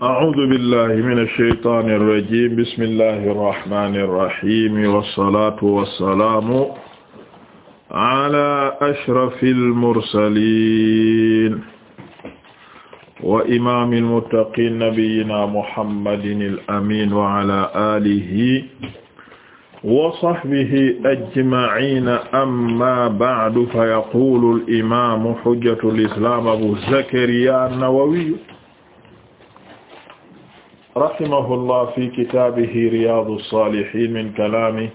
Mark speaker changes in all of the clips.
Speaker 1: a'uuzu billaahi mina shaytaani rajiim bismillaahi rahmaani rahiim wa salaatu wa salaamu alaa ashrafil mursaliin wa imaamil muttaqiin nabiyyinaa Muhammadinil amiin wa alaa aalihi wa sahbihi ajma'iina ammaa ba'du fa yaquulul imaamu hujjatul islaam Abuu Zakariyyaa An-Nawawi rahimahullah fi kitaabihi riyaadu saalihiin min kalaami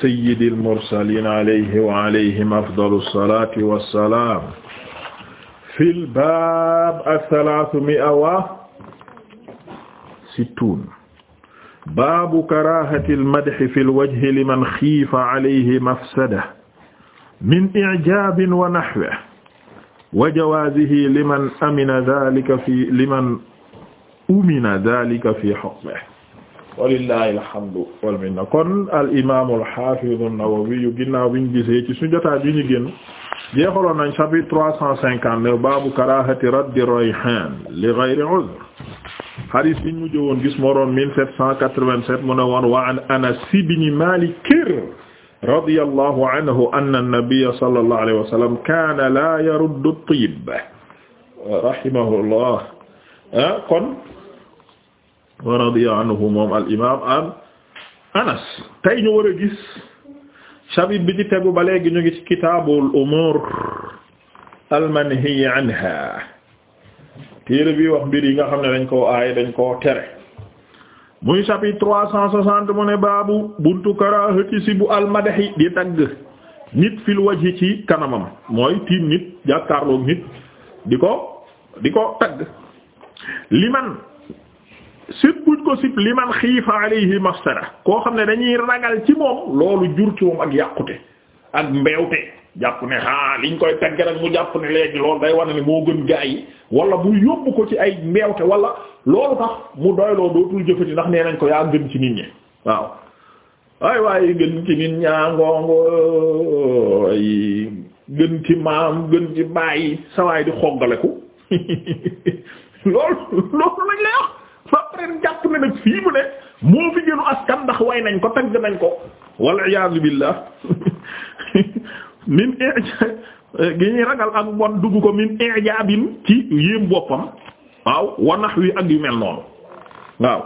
Speaker 1: sayyidil mursaliin alayhi wa alayhim afdalu salaati wa salaam fil baab asalaasu mi'a wa sittuun baabu karaahatil madhi fil wajhi liman xiifa alayhi mafsada min i'jaabin wa nahwihi wa jawaazihi liman amina zaalika fi liman umina dhalika fi hukmihi walillahi alhamdu wal minna kon al imaam al haafiz an-Nawawi ginnaaw bi ñu gisee ci suñu jotaay bi ñu génn jeexaloon nañ chapitre trois cent cinquante-neuf baabu karaahati raddi rayhaan li ghayri udhr hadis bi ñu mujj woon gis moo doon mille sept cent quatre-vingt-sept mu ne woon wa an Anas ibn Maalik radiyallahu anhu anna an-nabiyya sallallahu alayhi wa sallam kaana laa yaruddu at-tiib rahimahullah Ah, kon wa radiya anhu moom al imam anas tey ñu war gis chapitre bi ci tegu ba léegi ñu ngi ci kitaabul umuur al manhiyi anha téere bi wax mbir yi nga xam ne dañ koo aaye dañ koo tere muy chapitre trois cent soixante mu ne baabu buntu karaahati si bu almadahi di tagg nit fil wajhi ci kanamam mooy tiim nit jàkkaarloog nit di ko di ko tagg liman sib buñ ko sib liman xiifa alayhi mafsada koo xam ne dañuy ragal ci moom loolu jur ci moom ak yàqute ak mbeewte jàpp ne ah liñ koy tagge rek mu jàpp ne léegi loolu day wane ne moo gën gaa yi wala bu yóbbu ko ci ay mbeewte wala loolu tax mu doyloo dootul jëfati ndax nee nañ ko yaa gën ci nit ñi waaw ay waaye gën ci nit ñaa ngoongo ay gën ci maam gën ci bàyyi sawaay di xoggaleku loolu loolu lañ lay wax après jàpp ne nag fii mu ne moo fi gënu askan ndax way nañ ko tagg nañ ko wal iyaazu billah min gi ñuy ragal ak bon dugg ko min i'jaabin ci yéem boppam waaw wa nahwi ak yu mel noonu waaw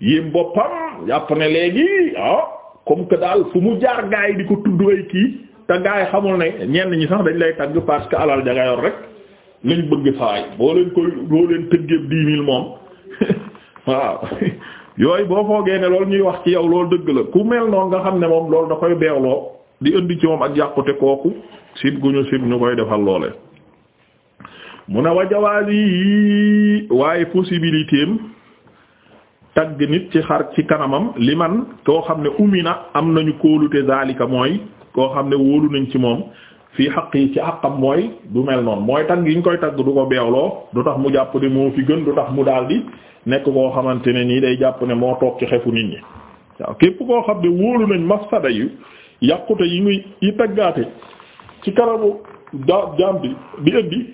Speaker 1: yéem boppam jàpp ne léegi ah comme que daal fu mu jaar gaay di ko tudd ay kii te gaay xamul ne ñenn ñi sax dañ lay tagg parce que alal ja nga yor rek lañ bëgg saay boo leen koy boo leen tëggeeb dix moom waaw yooyu boo foogee ne lool ñuy wax ci yow loolu dëgg la ku mel noonu nga xam ne moom loolu da koy beewloo di indi ci moom ak yàqute kooku sib gu ñu sib ñu koy defal loole mu a wa jawaaz waaye possibilité am tagg nit ci xar ci kanamam li man koo xam ne na am nañu kóolute zalika mooy koo xam ne wóolu nañ ci moom fii xaq yi ci àqam mooy du mel noonu mooy tagg yi ñu koy tagg du ko beewloo du tax mu jàpp ne moo fi gën du tax mu daal di nekk koo xamante ne nii day jàpp ne moo toog ci xefu nit ñi waaw képp koo xam ne wóolu nañ mafsada yu yàqute yi muy yi ci karamu ja jaam bi di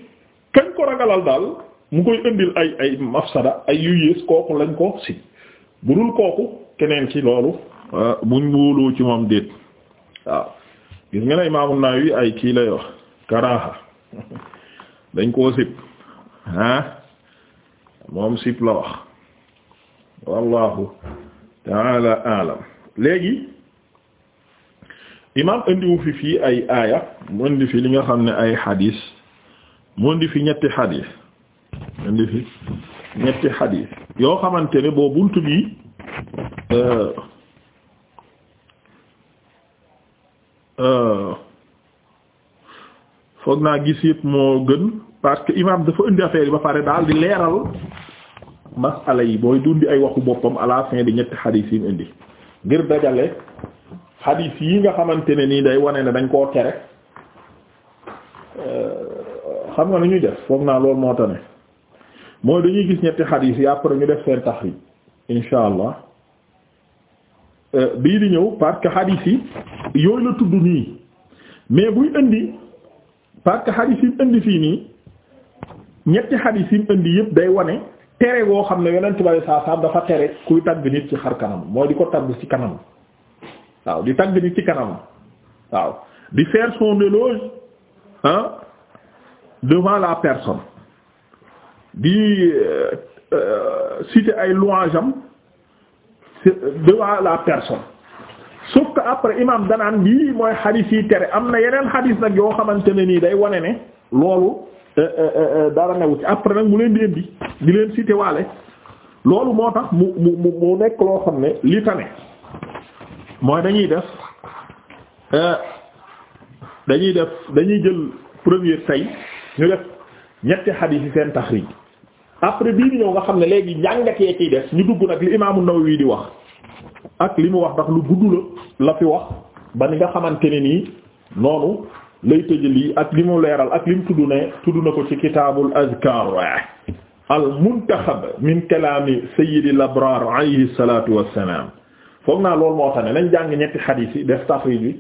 Speaker 1: ko ragalal daal mu koy indil ay ay mafsada ay yu kooku lañ ko si bu dul kooku keneen ci loolu euh, buñ wóoloo ci moom déet waaw gis nga ne Imaam An-Nawawi ay kii lay wax karaaha dañ koo sib ah moom sib la wax wallahu taala alam léegi imaam indiwu fi fii ay aaya mu indi fi li nga xam ne ay xadiis mu indi fi ñetti xadiis indi fi ñetti xadiis yoo xamante ne boo bunt bi euh, Euh, foog naa gis yëpp moo gën parce que imam dafa indi affaire yi ba pare daal di leeral masala yi booy dundi ay waxu boppam à la fin ñetti xadiis yi mu indi ngir dajale xadiis yi nga xamante ne nii day wane na dañ koo tere euh, xam nga nu ñuy def foog naa loolu moo tax ne mooy dañuy gis ñetti xadiis yi après ñu def tax taxrij insha allah Euh, bii di ñëw parce que hadith yi yooyu la tudd nii mais buy indi parce que hadith yi mu indi fii nii ñetti hadith yi mu indi yëpp day wane tere boo xam ne yonent bi saa saa dafa tere kuy tagg nit ci xar kanam mooy di ko tagg ci kanam waaw di tagg nit ci kanam waaw di faire son éloge hein devant la person di euh, euh, citer ay louange am devant la personne sauf que après imam danaan lii mooy xadis yi tere am na yeneen xadis nag yoo xamante ne nii day wane ne loolu euh, euh, euh, dara newu ci après nag mu leen di di leen cité waale loolu moo tax mu mu mu nekk loo xam ne li tane mooy dañuy def dañuy def dañuy jël première tey ñu def ñetti xadis yi seen taxriij après bii di ñëw nga xam ne léegi njàngat yee ciy des ñu dugg nag li imaamu wii di wax ak li mu wax ndax lu gudd la la fi wax ba ni nga xamante ne nii noonu lay tëj lii ak li mu leeral ak li mu tudd ne tudd na ko ci kitaabul azkaar al muntaxab min kalaami sayyidil abraar alayhi salaatu wassalaam foog naa loolu moo tax ne nañ jàng ñetti xadiis yi def taxriij bi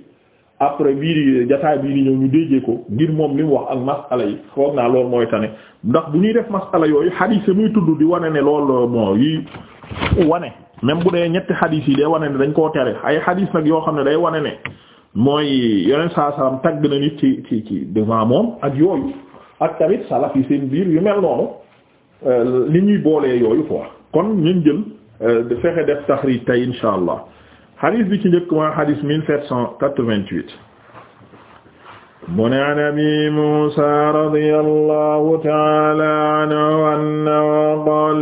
Speaker 1: après bii di jataay bii di ñëw ñu déggee ko ngir moom li mu wax ak masala yi foog naa loolu mooy tane ndax bu ñuy def masala yooyu xadiis yi muy tudd di wane ne loolu moo yi wane même bu dee ñetti xadiis yi day wane dañ koo tere ay xadiis yoo xam ne day wane ne mooy yeneen saa salaam tagg na nit ci ci ci devant moom ak yooyu ak tamit salaf yi seen biir yu mel noonu li euh, ñuy boolee yooyu quoi kon ñun jël euh, fexe def taxriij tey insha allah xadis bi ci njëkk mooy xadis mille sept cent quatre-vingt-huit mu ne an abi Muusaa radiyallahu ta'ala anhu annahu qaala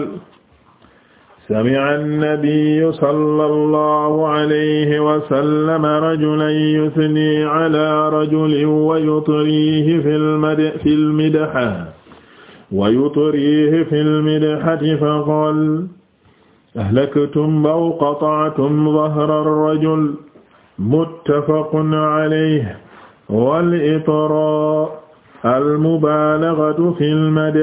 Speaker 1: sami'a an-nabiyyu sallallahu alayhi wa sallam rajulan yuthni ala rajulin wa yutrihi fil midhati fa qaala ahlaktum aw qata'tum dhahra ar-rajul muttafaqun alayhi wal itraa al-mubaalaghatu fil madh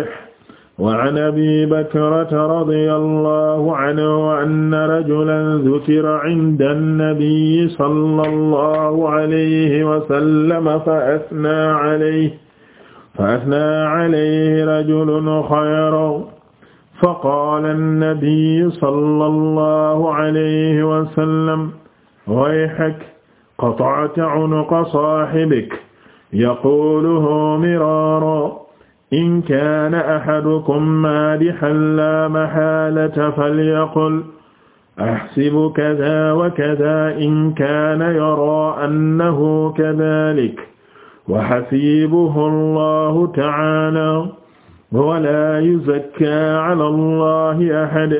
Speaker 1: wa an abi bakrata radiyallahu anhu anna rajulan dhukira inda an-nabiyyi sallallahu alayhi wa sallam fa athnaa alayhi fa athnaa alayhi rajulun khayran faqaala annabiyu sallallahu alayhi wa sallam wayhak qata'ta unuqa saahibik yaquluhu miraaran in kaana ahadukum maadihan laa mahaalata falyaqul ahsibu kadaa wa kadaa in kaana yaraa annahu kazaalik wa hasiibuhu allahu ta'aalaa wala yuzakka ala allahi ahad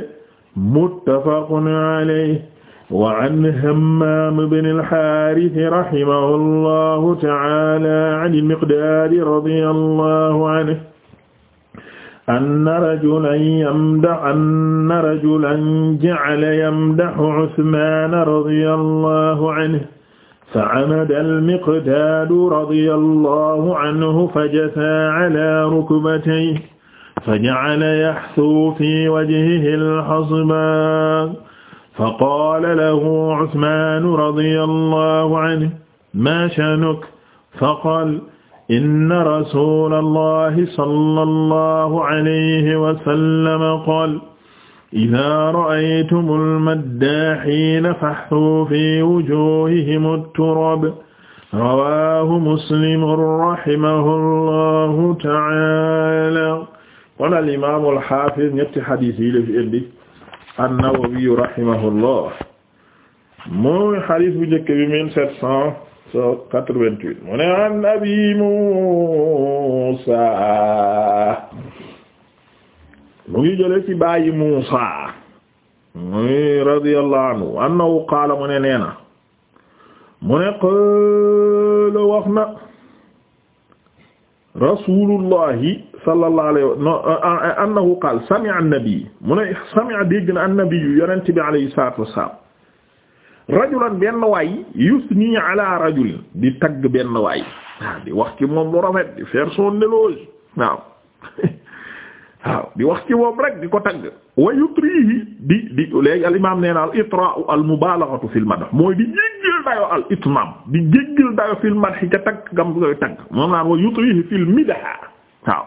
Speaker 1: muttafaqun alayhi wa an hammam bin al-harith rahimahu allahu ta'ala an al-miqdad radiyallahu anhu anna rajulan yamdahu anna rajulan ja'ala yamdahu usman radiyallahu anhu فعمد المقداد رضي الله عنه فجثى على ركبتيه فجعل يحثو في وجهه الحصباء فقال له عثمان رضي الله عنه ما شأنك فقال إن رسول الله صلى الله عليه وسلم قال idaa ra'aytumul maddaahiina faxsuu fii wujuuhihimu turab rawaahu muslimun rahimahullahu ta'aala kon al imaam al haafiz ñetti hadiis yi la fi indi an-Nawawi rahimahullah mooy hadiis bu njëkk bi 1788 mu ne an Abii Muusaa mu ngi jële ci bàyyi Muusa muy radiyallahu anhu annahu qaala mu ne nee na mu ne qaala wax na rasulullahi sallallahu alayhi wa annahu qaala sami'a an-nabi mu ne sami'a dégg na an-nabi yonent bi alayhi salaatu wassalaam rajulan benn waay yusni ala rajulin di tagg benn waay waaw di wax ci moom lu rafet di faire son éloge waaw waaw di wax ci moom rek di ko tagg wa yutrihi di di léegi al imam nee na al itra'u al mooy di jéggal dayo al di jéggal dayo fil madh ca tagg gam koy tagg moom naan wa yutrihi fil midah waaw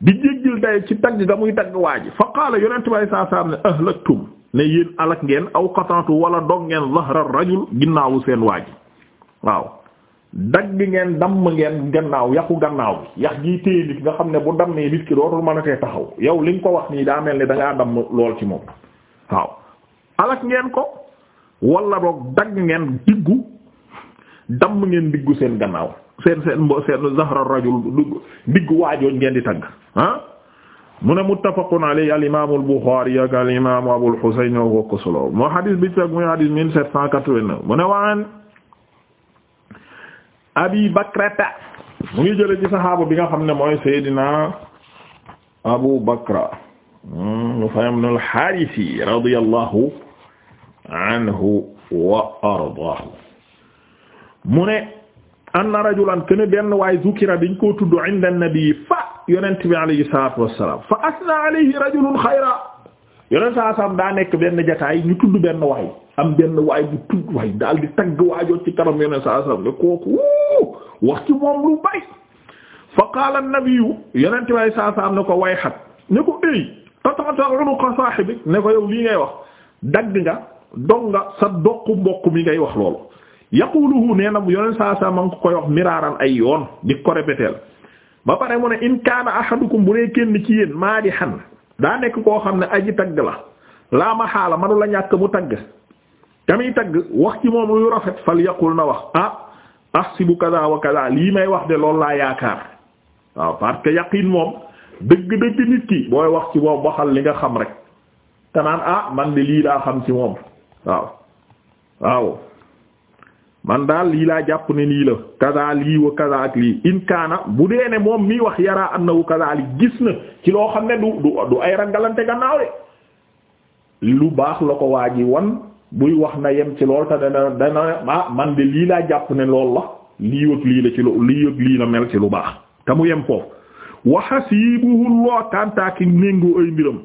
Speaker 1: di jéggal dayo ci tagg ga muy tagg waa ji fa qaala yonente bi alei saa salaam ne ahlaktum ne yéen alak ngeen aw qata'tu wala dog ngeen zahra rajul ginnaawu seen waa waaw dagg ngeen damm ngeen gannaaw yaxu gannaaw bi yax gi téye nit nga xam ne bu dammee nit ki dootul mënatee taxaw yow li nga ko wax nii daa mel ni da ngaa damm lool ci moom waaw alak ngeen ko wala boog dagg ngeen diggu damm ngeen diggu seen gannaaw seen seen mbo seen zahra rajul diggu waajooñ ngeen di tagg ah mu ne muttafaqun alayhi al imam al bukhari ak al imam abul husayn ñoo bokk solo moo hadis bi ci ak muy hadis 1789 mu ne waan abi bakrata mu ngi jële ci saxaaba bi nga xam ne mooy seydina abu bakra ñu fayam hmm, nul xaarisi radiyallahu anhu wa ardaahu mu ne anna rajulan kene benn waay zukira biñ koo tudd inda an-nabi fa yonent bi alayhi salaatu wassalaam fa asna alayhi rajulun xayra yoneen saa saam daa nekk benn jataay ñu tudd benn waay am benn waay bu tudd waay daal di tagg waajoo ci kanam yoneen saa saam ne kooku wax ci moom lu bari fa qaala an-nabiyyu yonent waay saa saam ne ko way xat ne ko éy qata'ta unuqa saahibik ne ngay wax dagg nga dog nga sa doqu mbokk mi ngay wax loolu yaquluhu nee na yoneen saa saam ma ngi koy wax miraaran ay yoon di ko répéter ba pare mu ne in kaana ahadukum bu ne kenn ci yéen maadihan daa nekk koo xam ne aji tagg la laa ma xaala manu la ñàkk mu tagg tamit tagg wax ci moom luy rafet fal yaqul na wax ah ahsibu kaza wa may wax de laa yaakaar waaw parce que yaqin moom dëgg-dëgg nit ki booy wax ci moom waxal li nga xam rek te naan ah man de lii daa xam ci moom waaw waaw man daal lii laa jàpp ne nii la kaza lii wa kaza ak lii in kaana bu dee ne moom mii wax yaraa annahu kaza li gis na ci loo xam ne du du du ay rangalante gannaaw de lu baax la ko waa ji wan buy wax na yem ci lool te dana dana man de lii laa jàpp ne lool la lii ak lii la ci lu lii ak lii la mel ci lu baax te mu yem foofu waxasiibuhu Allah tàntaaki néngoo ay mbiram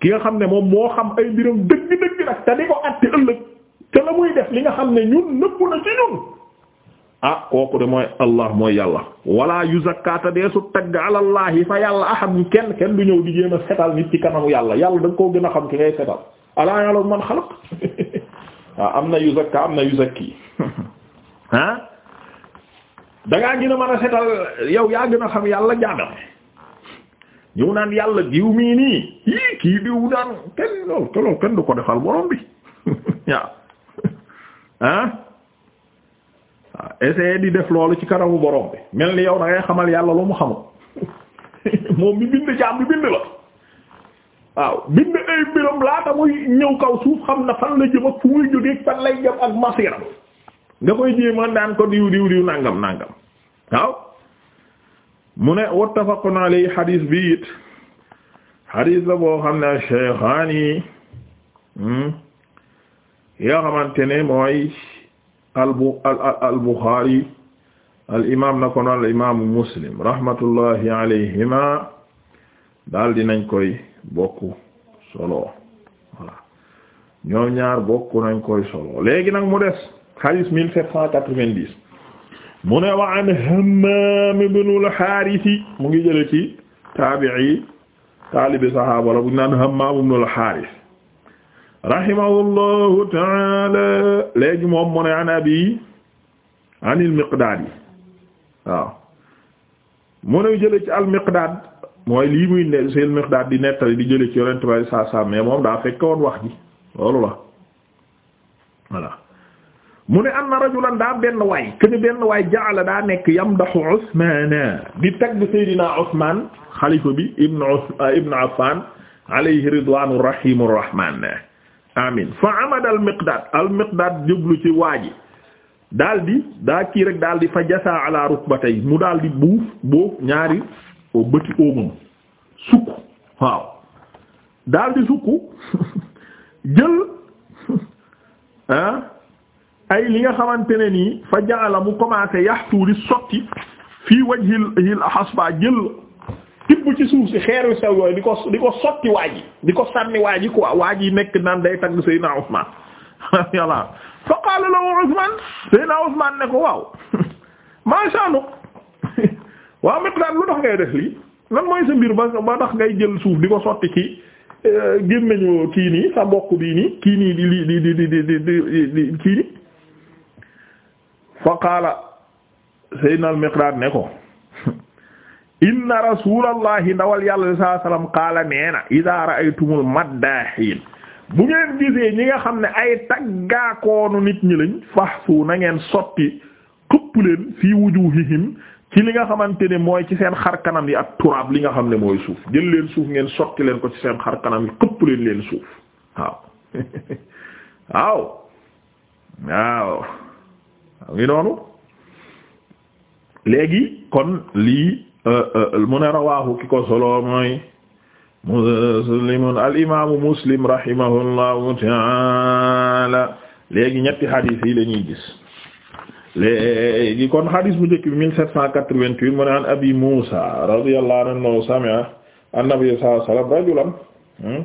Speaker 1: ki nga xam ne moom moo xam ay mbiram dëgg dëgg nag te di ko àtte ëllëg la muy li nga xam ne ñun ah kooku de mooy allah mooy yàlla wala yuzakkaata deesu tagg alallahi fa yàlla kenn kenn du ñëw di jéem a setal kanamu yàlla yàlla da koo gën xam ki ngay setal alaa ya'lamu man ah na yuzakka am na yuzakki ah da ngaa a setal yow yaa gën a xam yàlla jaadam ñëw naan yàlla diw mii nii kii diw daan kenn loolu kenn du ko defal borom bi waaw ah waaw essayer di def loolu ci kanamu borom bi mel ni yow da ngay xamal yàlla lu mu xamul moom mi bind jaam bi bind la waaw bind ay mbiram laata muy ñëw kaw suuf xam na fan la jëm ak fu muy jógee fan lay jëm ak masiram nga koy jéema ko diw diw diw nangam nangam waaw mu ne wattafaqun alayhi xadiis bi it xadiis la boo xam ne Shaykhaani hmm? yi nga xamante ne mooy al al Bukhari al imaam na ko noon al imaamu Muslim rahmatullahi alayhima daal dinañ koy bokk solo ñoom ñaar bokk nañ koy solo léegi nag mu des hadith mille sept cent quatre mu ne wa an Hammaam ibn haarisi mu ngi jële ci taabi'i taalibi sahaaba la buñ naan Hammaam ibn al rahimahullahu taala léegi moom mu ne an abi an il miqdaad yi ci al miqdaad mooy lii muy ne seen miqdaad di nettali di jële ci yonent saa saa mais moom daa fekk woon wax ji loolu mu ne am na rajulan daa benn waay kene benn waay jaala daa nekk yamdahu Usmaana di tagg Seydina Usmaan xalifa bi ibn Affaan alayhi ridwaanu rahiimu rahmaan amin fa amada al miqdaad al miqdaad jublu ci waaji daal di rek daal fa jasaa ala rukbatay mu daldi di buuf ñaari o bëti oomam sukk waaw daal sukk jël ah, ay li nga xamante ne nii fa jaala mu yaxtu di sotti fii wajhil hil hasba jël tibb ci suuf si xeer yu sew yooyu di ko di ko sotti waa ji di ko sànni waa ji quoi waa ji nekk naan day tagg Seydina Ousmane yàlla fa la lahu Ousmane Seydina Ousmane ne ko waaw maa sha'nu waaw lu tax ngay def lii lan mooy sa mbir ba ba tax ngay jël suuf di ko sotti ci euh, gémmiñu kii nii sa mbokk bii nii kii nii di li di di di di di kii nii fa qaala Seydina al-Miqdaad ne ko inna rasulallahi ndawal yàlla sallallahu alayhi wasallam qaala nee ay idaa ra'aytumul maddahiin bu ngeen gisee ñi nga xam ne ay taggaakoonu nit ñi lañ fahsu na ngeen sotti xëpp leen fii wujuhihim ci li nga xamante ne mooy ci seen xar kanam yi ak turaab li nga xam ne mooy suuf jël leen suuf ngeen sotti leen ko ci seen xar kanam yi xëpp leen leen suuf waaw waaw waaw ngi noonu léegi kon lii Euh, euh, mu ne rawaahu ki ko solo mooy muslimun al imaamu muslim rahimahullahu taala léegi ñetti hadith yi la ñuy gis léegi kon hadith bu njëkk bi 1788 mu ne an abi Muusa radiyallahu anhu sami'a an-nabiy sallallahu alayhi wa sallam rajulan hmm?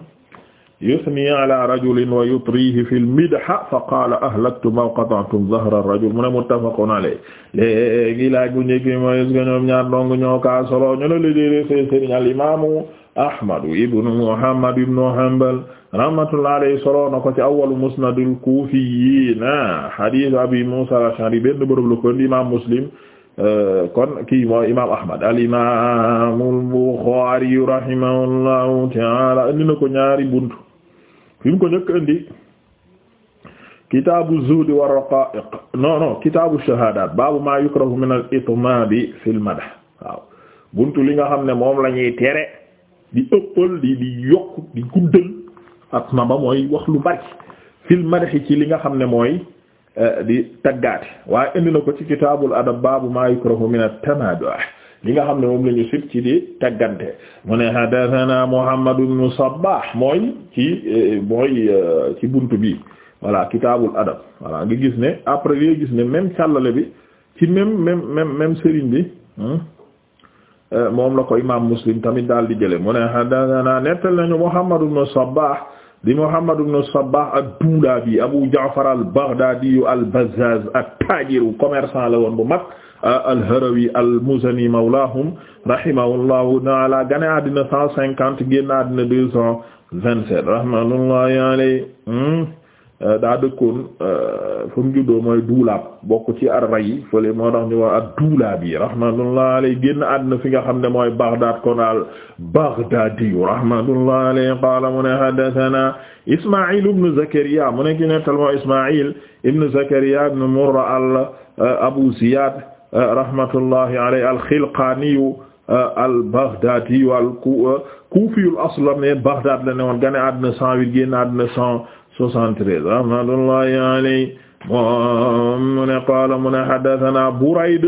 Speaker 1: yusni ala rajulin wa yutrihi fil midha fa qaala ahlaktum aw qata'tum zahra rajul mu ne muttafaqun alayhi léegi laaj bu njëkk bi mooy est-ce que ñoom ñaar dong ñoo kaa solo ñu ne la déedéet seen sëriñ al imaamu Ahmadu ibnu Muhammad ibnu Hanbal rahmatullahi alayhi solo na ko ci awwalu musnadil kuufiyyiin hadiis Abi Muusaa al-Ash'ari benn bërëb la ko indi imaam Muslim kon kii mooy imaam Ahmad al-imaam al-Buxaari rahimahullahu ta'aala indi na ko ñaari buntu. fi ko njëkk indi kitaabu zuhdi wa raqaa'iq non non kitaabu shahaadaat baabu maa yukrahu min al itmaabi fi l madah waaw buntu li nga xam ne moom la ñuy tere di ëppal di di yokk di guddal ak ma ba mooy wax lu bari fil madaxi ci li nga xam ne mooy eh, di taggaate waaye indi na ko ci kitaabul adab baabu maa yukrahu min at-tamaadu' li nga xam ne moom la ñu sib ci di taggante mu ne hadathana Muhammad ibn Sabbah mooy ci mooy euh, ci bunt bi voilà kitaabul adab voilà nga gis ne après li gis ne même càllale bi ci même même même même sëriñ bi euh, moom la ko imaam Muslim tamit daal di jële mu ne hadathana nettal nañu Muhammad ibn Sabbah di Muhammad ibn Sabbah ad-Dulabi Abu Ja'far al-Baghdadi al-Bazzaz ak tajir commerçant la woon bu mag al-Harawi al-Muzani mawlaahum rahimahullahu ta'ala gane àddina cent cinquante deux cent vingt-sept rahmatullahi alayhi hmm? euh, daa dëkkoon euh, fu mu juddoo mooy duulaab bokk ci ar rayi fële moo tax ñu wax ak duulaab yi rahmatullah alay génn àddina fi nga xam ne mooy Baghdad kon al Baghdadi rahmatullah alay qaala mu ne haddathana Isma'il ibn Zakariya mu ne Isma'il ibn Zakariya Abu Ziyad rahmatullahi alayhi al-Xilqaaniyu al-Baghdaadiyu al-Kuufiyu al-asl la ne Baghdad la ne woon gane àddina 108 génn àddina 173 rahmatullahi alayhi mu ne qaala mu ne haddasanaa Burayd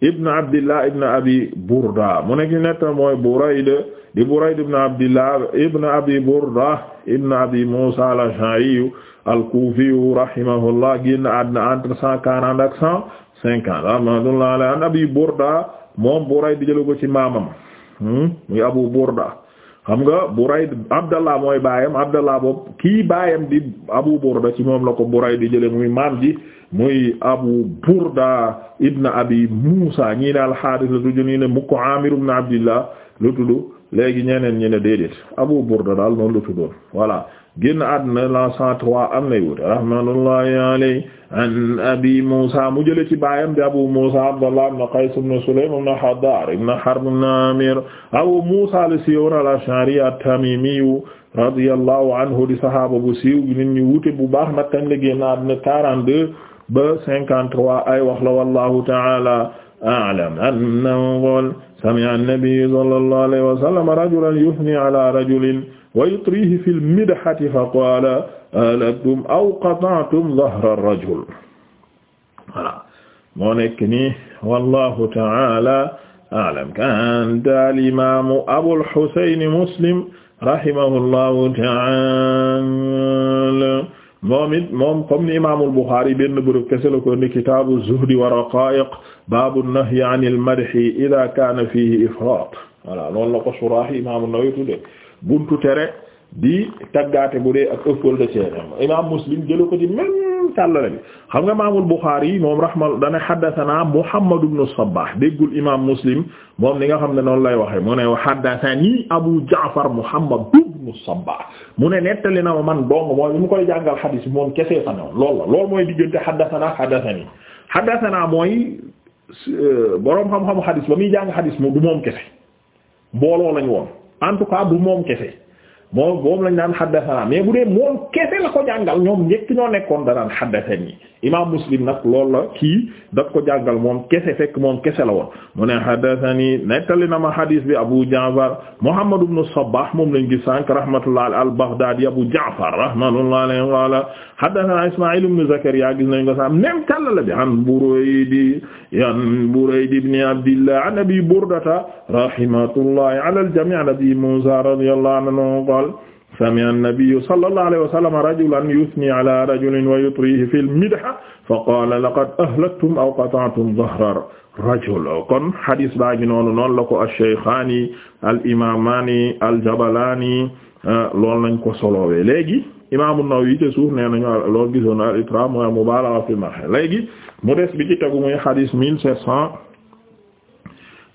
Speaker 1: ibn Abdillah ibn Abi Burda mu ne ki nekk mooy Burayd di Burayd ibn Abdillah ibn Abi Burda ibn Abi Muusaa al-Ash'ariyu al-Kuufiyu rahimahullah génn àddina entre 140 ak 100 cinquante rahmatullah ala an abi Burda moom Burayd di jëlu ko ci maamam hmm, muy Abu Burda xam nga Burayd Abdallah mooy baayam Abdallah boobu kii baayam di Abu Burda ci moom la ko Burayd di jële muy maam ji muy Abu Burda ibn Abi Musa ñii ne al-Harith la tudd ñii ne mukk Amir ibn la tudd léegi ñeneen ñi ne déedéet Abu Burda daal noonu la tuddoon voilà génn àdduna la 103 am nay wute rahmatullahi alayhi an abi Musa mu jële ci baayam di Abu Musa Abdullah ibn Qays ibn Sulaym ibn Hadar ibn Harb ibn Amir Abu Musa al-Siyuun al-Ash'ari at-Tamimi radiyallahu anhu di sahaaba bu siiw nit ñi wute bu baax nag kañ la génn àdduna 42 ba 53 ay wax la wallahu ta'ala a'lam annahu qala sami'a an-nabi sallallahu alayhi wa sallam rajulan yuthni ala rajulin wa yutrihi fil midhati fa qaala alaktum aw qata'tum dhahra ar-rajul voilà moo nekk nii wallahu ta'ala a'lam kanta al-imaamu Abul Husayn Muslim rahimahullahu ta'ala moom it moom comme ni imaamul Buxaari benn bërëb kese la ko indi kitaabu zuhdi wa raqaa'iq baabu nahyi anil madhi idaa kaana fiihi ifraat voilà loolu la ko suraahi imaamu Nawawi tudde buntu tere di taggaate bu dee ak ëppal da ceenem imam muslim jëla ko ci même càllale bi xam nga maamul Buxaari yi moom rahmal dana xaddathana Muhammad ibn Sabbah déggul imam muslim moom li nga xam ne noonu lay waxe mu ne xaddathani Abu Jaafar Muhammad ibn Sabbah mu ne nettali na ma man dong mooy bi mu koy jàngal xadiis bi moom kesee fa noonu loolu la loolu mooy diggante xaddathana xaddathani xaddathana mooy euh, boroom xam-xamu xadiis ba muy jàng xadiis moom du moom kese mbooloo lañu woon en tout cas du moom kese moom moom lañ naan xaddasana mais bu dee moom kese la ko jàngal ñoom njëkk ñoo nekkoon da naan xaddasani imaam muslim nag loolu la kii daf ko jàngal moom kese fekk moom kese la woon mu ne xaddasani nettali na ma hadis bi abu jaafar muhammad ibn sabbah moom lañ gis sànq rahmatullah al baghdadi abu jaafar rahmatullah alayhi haddathana Isma'il ibn Zakariya gis nañ ko sax même tallal bi an Burayd an Burayd ibn Abdillah an Abi Burdata rahimatullahi ala al-jami' an Abi Musa radiyallahu anhu qala sami'a an-nabiyyu sallallahu alayhi wa sallam rajulan yuthni ala rajulin wa yutrihi fil midha fa qala laqad ahlaktum aw qata'tum dhahra rajul kon hadis baa ngi noonu noonu la ko ash-shaykhani al-imamani al-jabalani ah, loolu lañ ko solowee léegi imaamu Nawawi ci suuf nee nañu lool gisoon al itra mooy mubalagha fi marh léegi mu des bi ci tegu muy xadis mille sept cent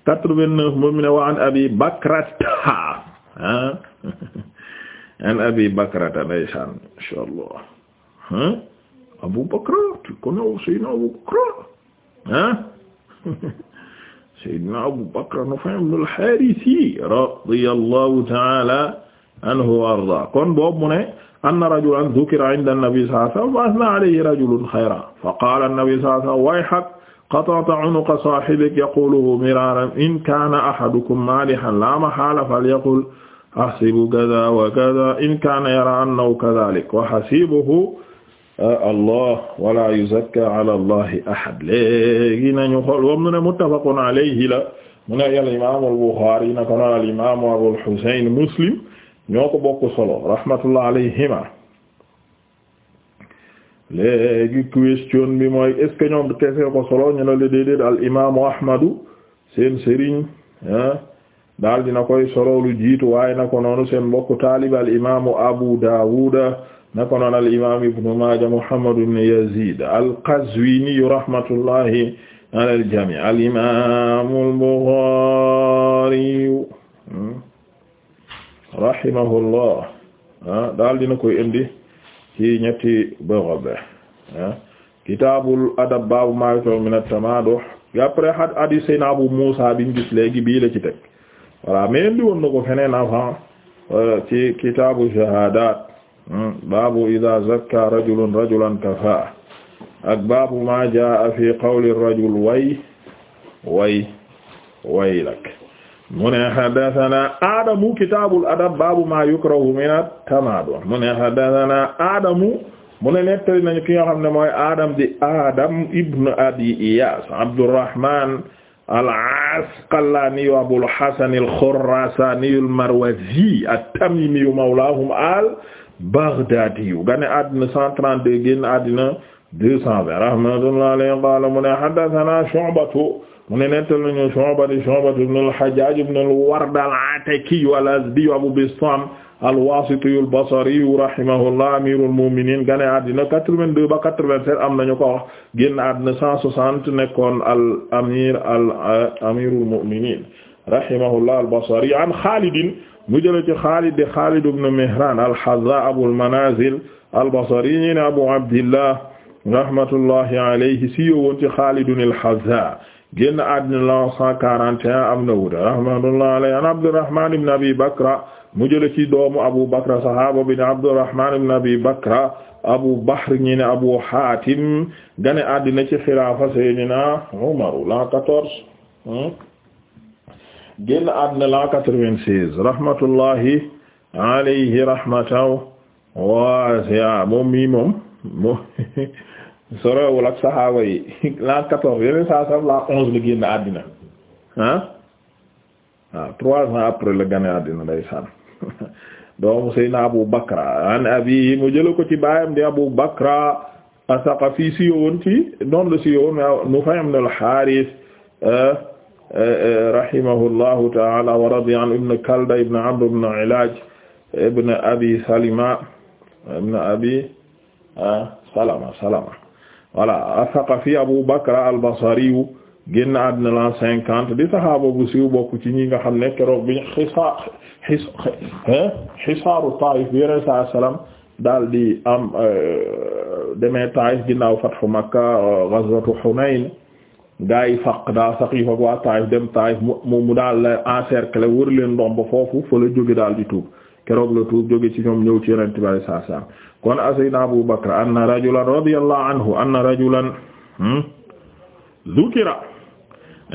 Speaker 1: quatre-vingt-neuf mu ne wa an abi bakrata ah an abi bakrata ndeysaan inshallah ah abu bakra tu connais sayyidina abu bakra ah sayyidina abu bakra Nufay ibn al-Harith radiyallahu ta'ala anhu wa arda kon boobu mu ne anna rajulan dhukira inda an-nabi sallallahu alayhi wa sallam fa athna alayhi rajulun khayran fa qala an-nabi sallallahu alayhi wa sallam wayhak qata'ta 'unuqa sahibik yaquluhu miraran in kana ahadukum malihan la mahala falyaqul ahsibu kadha wa kadha in kana yara annahu kadhalik wa hasibuhu eh, Allah wala yuzakka ala allahi ahad léegi nañu xool wam nu ne muttafaqun alayhi la mu ne al imam al-Bukhari na ko al imam Abul Husayn Muslim ñoo ko bokk solo rahmatullah alayhima léegi question bi mooy est ñoom kese ko solo ñu ne la al imaamu ahmadu seen daal dina koy solo lu jiitu waaye na noonu seen mbokku taalib al imaamu abu daawuda na ko al imaam ibnu maaja muhammad ibn yazid al qazwini rahmatullahi al jamii al imaamu al buxaari hmm. rahimahullah daal dina koy indi ci ñetti bërëb kitaabul adab baabu maa yutlabu min at-tamaaduh après hadiis Seydina Abu Muusa biñ gis léegi bii la ci teg voilà mais ko feneen avant euh, ci kitaabu shahaadaat hmm, baabu idaa zakka rajulun rajulan kafaa ak baabu maa jaa fi qawli rajul way way way lak mu ne haddathana Adamu kitaabul adab baabu maa yukrahu min at-tamaadun mu ne haddathana Adamu mu ne nettali nañu ki nga xam ne mooy Adam di Adam ibn Abi Iyaas Abdurrahman al-Asqalaani wa Abul Hasan al-Khuraasaani al-Marwazi at-Tamiimi mawlaahum al-Baghdaadi gane àddina 132 génn àddina 220 rahmatullahi alayhi qaala mu ne haddathana Shu'batu mu ne nettal nañu Shu'ba di Shu'ba ibn al-Hajjaj ibn al-Ward al-Ataki al-Azdi Abu Bistam al-Wasiti al-Basri rahimahullah amirul mu'minin gane àddina 82 ba 87 am nañu ko wax génn àddina 160 nekkoon al amir al amirul mu'minin rahimahullah al-Basri an Khalid mu jële ci Khalid di Khalid ibn Mihran al-Hazza Abul Manazil al-Basri ñi ne Abu Abdillah rahmatullahi alayhi si yowoon ci Khalid al-Hazza génn àddina la 141 am rahmatullah alayhi an Abdurrahman ibn Abi Bakra mu jële ci doomu Abu Bakra sahaaba bi ne Abdurrahman ibn Abi Bakra Abu Bahr ñi Abu Hatim gane àddina ci xilaafa Seydina Umar la 14 hmm? génn àddina la sorewul ak saxaaba yi l'an quatorze onze la génn àddina ah trois ans après la gane àddina day sànn doomu Abu Bakra an abi mu jëla ci baayam di Abu Bakra as-Saqafi siyowoon ci noonu la siyowoon waaw Nufay ibn al-Harith eh, eh, rahimahullahu ta'ala wa radiya an ibn Kalda ibn Amr ibn Ilaj ibn Abi Salima ibn Abi eh, Salama voilà as-Saqafi Abu Bakr al-Basri génn àddina la cinquante di saxaaba bu siiw bokk ci ñi nga xam ne keroog bi xisa xis xisaaru Taayif bi yeneen saa salaam daal di am euh, demee Taayif ginnaaw fathu Makka euh, ghazwatu Hunayn gaa yi faq daa Saqiif ak waa Taayif dem Taayif mu mu daal encercler wër leen ndomb foofu fa la jóge daal di tuub keroog la tuub jóge ci ñoom ñëw ci yonent bi saa saa kon asayna Abu Bakr anna rajulan radiyallahu anhu anna rajulan hmm, dhukira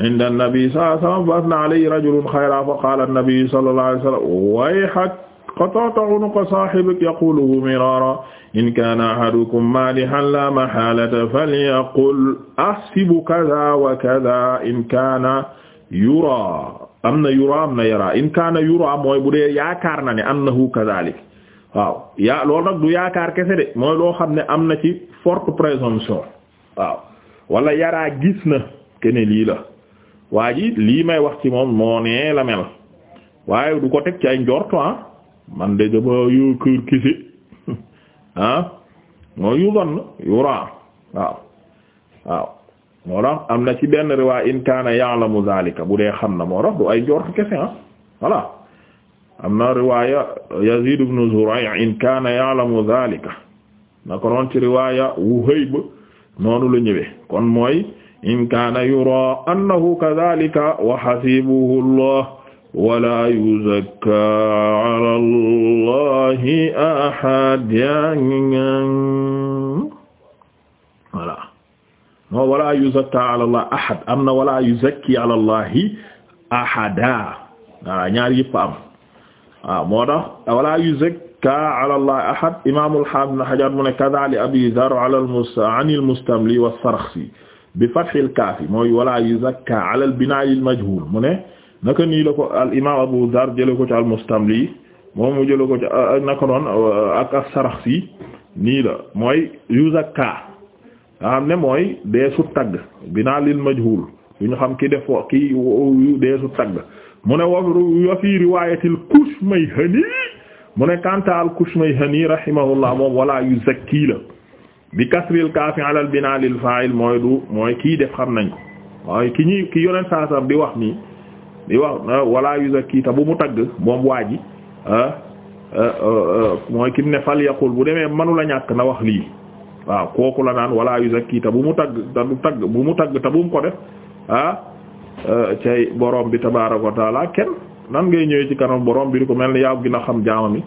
Speaker 1: inda an-nabi sallallahu alayhi wa sallam fa athna alayhi rajulun khayran fa qala an-nabi sallallahu alayhi wa sallam wayhak qata'ta unuqa sahibik yaquluhu mirara in kana ahadukum malihan la mahalata falyaqul ahsibu kadha wa kadha in kana yura am na yura am na yara in kaana yura mooy bu dee yaakaar na ne annahu kadhalik waaw yaa loolu nag du yaakaar kese de mooy loo xam ne am na ci forte présomption waaw wala yaraa gis na kene lii la waa ji lii may wax ci moom moo nee la mel waaye du ko teg ci ay njorto ah man de dama yo kër kisi mooy yudan yura waaw waaw moo tax am na ci benn riwaa in kaana ya'lamu zalika bu dee xam na moo tax du ay njort kese ah voilà am na riwaya Yazid ibn Zuray' in kaana ya'lamu zalika na ko noon ci riwaya Wuhayb noonu la ñëwee kon mooy in kaana yura annahu kadhalika wa hasibuhu Allah wala yuzakka ala Allahi ahad non wala yuzakka ala allah ahad am na wala yuzakki ala allahi ahada waaw ñaar yëpp am waaw moo tax wala yuzakka ala allahi ahad imam al-hafiz ibn hajar mu ne kada li abi dhar ala al-musta an al-mustamli wa sarakhsi bi fath al-kaaf mooy wala yuzakka ala al-binaa' al-majhuul mu ne naka nii la ko al imam abu dhar jële ko ci al-mustamli moom mu jële ko ci naka noon ak as-sarakhsi nii la mooy yuzakka nga xam ne mooy deesu tagg binaa lil majhul yu xam ki def ki deesu tagg mu ne wa fi riwayatil Kushmayhani mu ne kanta al Kushmayhani rahimahullah moom wala yuzakki la bi kasril kaafi ala binaa lil fa'il mooy du mooy kii def xam nañ ko mooy ki ñuy ki yonent saasam di wax nii di wax ah, wala yuzakki ta bu mu tagg moom waa ji ah, ah, mooy kim ne fal yaqul bu demee mënu la ñàkk na wax lii waaw kooku la naan wala kii ta bu mu tagg ta du tagg bu mu tagg ta bu mu ko def ah euh, cay borom bi tabaaraka wa kenn nan ngay ñëwee ci kanam boroom bi di ko mel ni yaa gën a xam jaama mi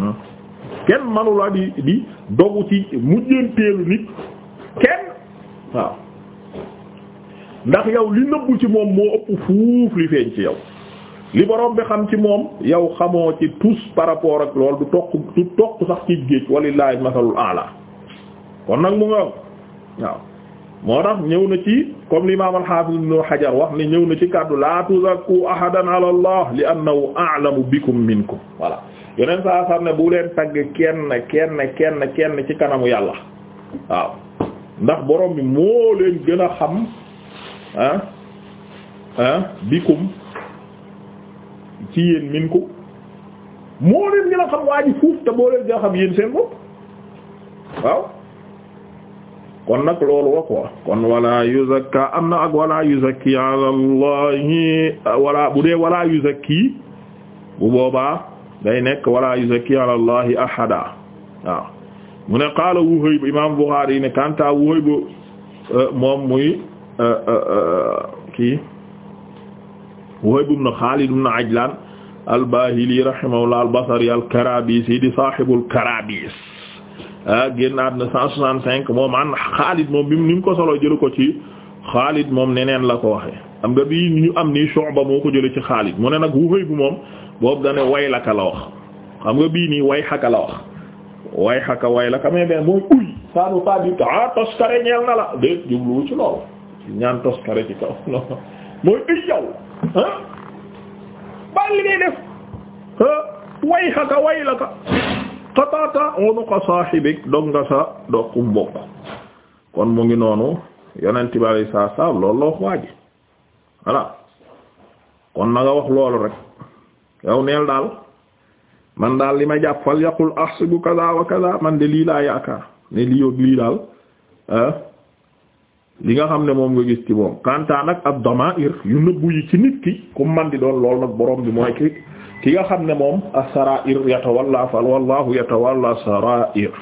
Speaker 1: ah. kenn manula di di dogu ci mujjanteelu nit kenn waaw ndax yow li nëbbu ci moom moo ëpp fuuf li feeñ ci yow li borom bi xam ci moom yow xamoo ci tous par rapport ak loolu du toq du toq sax ci géej walillahi masalul ala kon nag mu nga waaw moo tax ñëw na ci comme l'imam al-hafiz ibn hajar wax ne ñëw na ci kàddu la tuzakku ahadan ala allah li annahu a'lamu bikum minkum voilà yeneen saa sax ne bu leen tagg kenn kenn kenn kenn ci kanamu yàlla waaw ndax borom bi moo leen gën a xam ah ah bikum ci yéen minkum moo leen gën a xam waa ji te boo leen gën xam yéen seen bopp waaw kon nag loolu la quoi kon wala yuzakka am na ak wala yuzakki ala allahi wala bu dee wala yuzakki bu boobaa day nekk wala yuzakki ala allahi ahada waaw mu ne qaala Wuhayb imam Bukhari ne kanta Wuhayb euh, moom muy euh, euh, kii Wuhayb ibn Khalid ibn Ajlan al-Bahili rahimahullah al-Basri al-Karabisi di sahibul Karabis Ah, génnaat na 165 moom an Xaalid moom bi ni mu ko solo jëlu ko ci Xaalid moom neneen la ko waxee am nga bii ñu am nii Shu'ba moo ko jëlee ci Xaalid mu ne nag Wuhayb bu moom boobu dane waylaka la wax xam nga bii nii wayxaka la wax wayxaka waylaka mais benn mooy uy ça veut pas dire ah, toskare ñeel na la déet jubluwu ci loolu ñaan toskare ci kaw loolu mooy uy yow ah bal li def wayxaka ah, waylaka qataata unuqa saahibik dog nga sa doq mbokk kon mu ngi noonu yonent bi alay saa saab la wax waa ji kon na nga wax loolu rek yow neel daal man daal li ma jàpp fal yaqul ahsibu kaza wa kaza man de lii laa yaakaar ne lii yoog lii daal ah, li nga xam ne moom nga gis ci moom kantaa nag ab damair yu nëbbu yi ci nit ki ku man di doon lool nag borom bi mooy ki ki nga xam ne moom as-sara'ir yatawalla a wallahu yatawalla sara'ir